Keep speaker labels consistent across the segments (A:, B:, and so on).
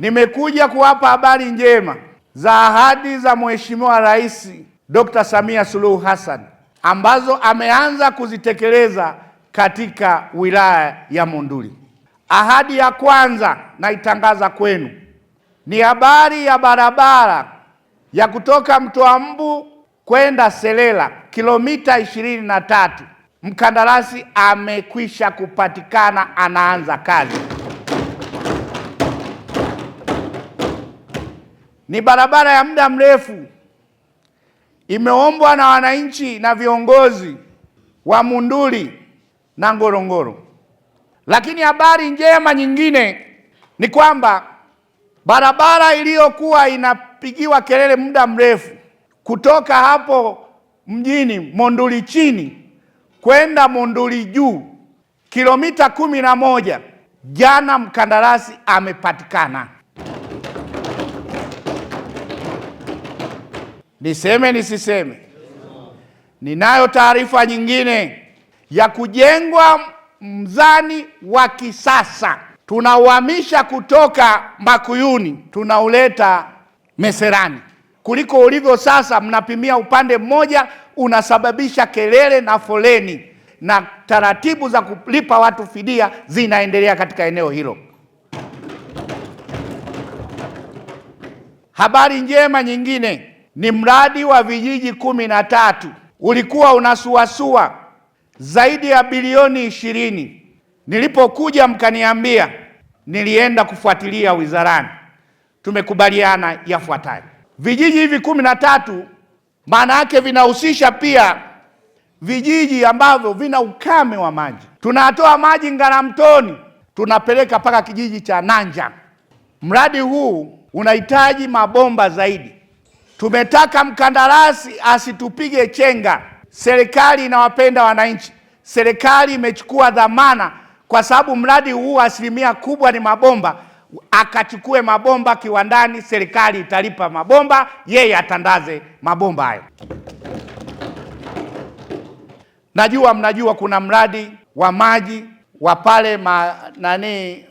A: Nimekuja kuwapa habari njema za ahadi za Mheshimiwa Rais Dr. Samia Suluhu Hassan ambazo ameanza kuzitekeleza katika wilaya ya Monduli. Ahadi ya kwanza naitangaza kwenu ni habari ya barabara ya kutoka Mtoa Mbu kwenda Selela kilomita ishirini na tatu. Mkandarasi amekwisha kupatikana, anaanza kazi. ni barabara ya muda mrefu, imeombwa na wananchi na viongozi wa Munduli na Ngorongoro. Lakini habari njema nyingine ni kwamba barabara iliyokuwa inapigiwa kelele muda mrefu kutoka hapo mjini Monduli chini kwenda Monduli juu kilomita kumi na moja, jana mkandarasi amepatikana. Niseme nisiseme? Ninayo taarifa nyingine ya kujengwa mzani wa kisasa, tunauhamisha kutoka Makuyuni tunauleta Meserani kuliko ulivyo sasa. Mnapimia upande mmoja, unasababisha kelele na foleni, na taratibu za kulipa watu fidia zinaendelea katika eneo hilo. Habari njema nyingine ni mradi wa vijiji kumi na tatu ulikuwa unasuasua zaidi ya bilioni ishirini. Nilipokuja mkaniambia, nilienda kufuatilia wizarani, tumekubaliana yafuatayo. Vijiji hivi kumi na tatu maana yake vinahusisha pia vijiji ambavyo vina ukame wa maji. Tunatoa maji Ngaramtoni tunapeleka mpaka kijiji cha Nanja. Mradi huu unahitaji mabomba zaidi Tumetaka mkandarasi asitupige chenga. Serikali inawapenda wananchi, serikali imechukua dhamana, kwa sababu mradi huu asilimia kubwa ni mabomba. Akachukue mabomba kiwandani, serikali italipa mabomba, yeye atandaze mabomba hayo. Najua mnajua kuna mradi wa maji wa pale ma, nani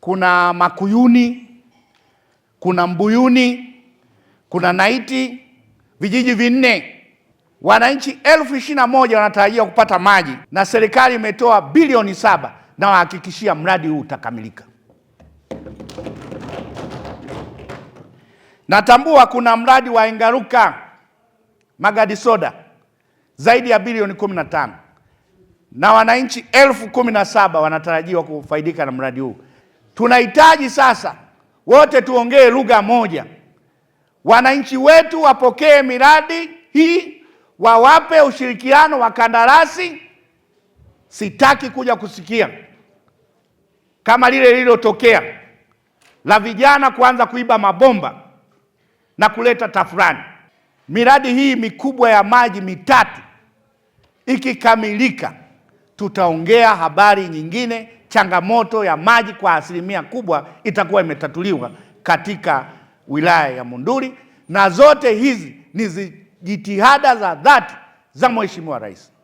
A: kuna Makuyuni, kuna Mbuyuni kuna naiti vijiji vinne. Wananchi elfu ishirini na moja wanatarajia kupata maji na serikali imetoa bilioni saba na wahakikishia mradi huu utakamilika. Natambua kuna mradi wa Engaruka Magadi Soda zaidi ya bilioni tano na wananchi elfu kumi na saba wanatarajiwa kufaidika na mradi huu. Tunahitaji sasa wote tuongee lugha moja. Wananchi wetu wapokee miradi hii, wawape ushirikiano wa kandarasi Sitaki kuja kusikia kama lile lililotokea la vijana kuanza kuiba mabomba na kuleta tafurani Miradi hii mikubwa ya maji mitatu ikikamilika, tutaongea habari nyingine. Changamoto ya maji kwa asilimia kubwa itakuwa imetatuliwa katika wilaya ya Monduli, na zote hizi ni jitihada za dhati za Mheshimiwa Rais.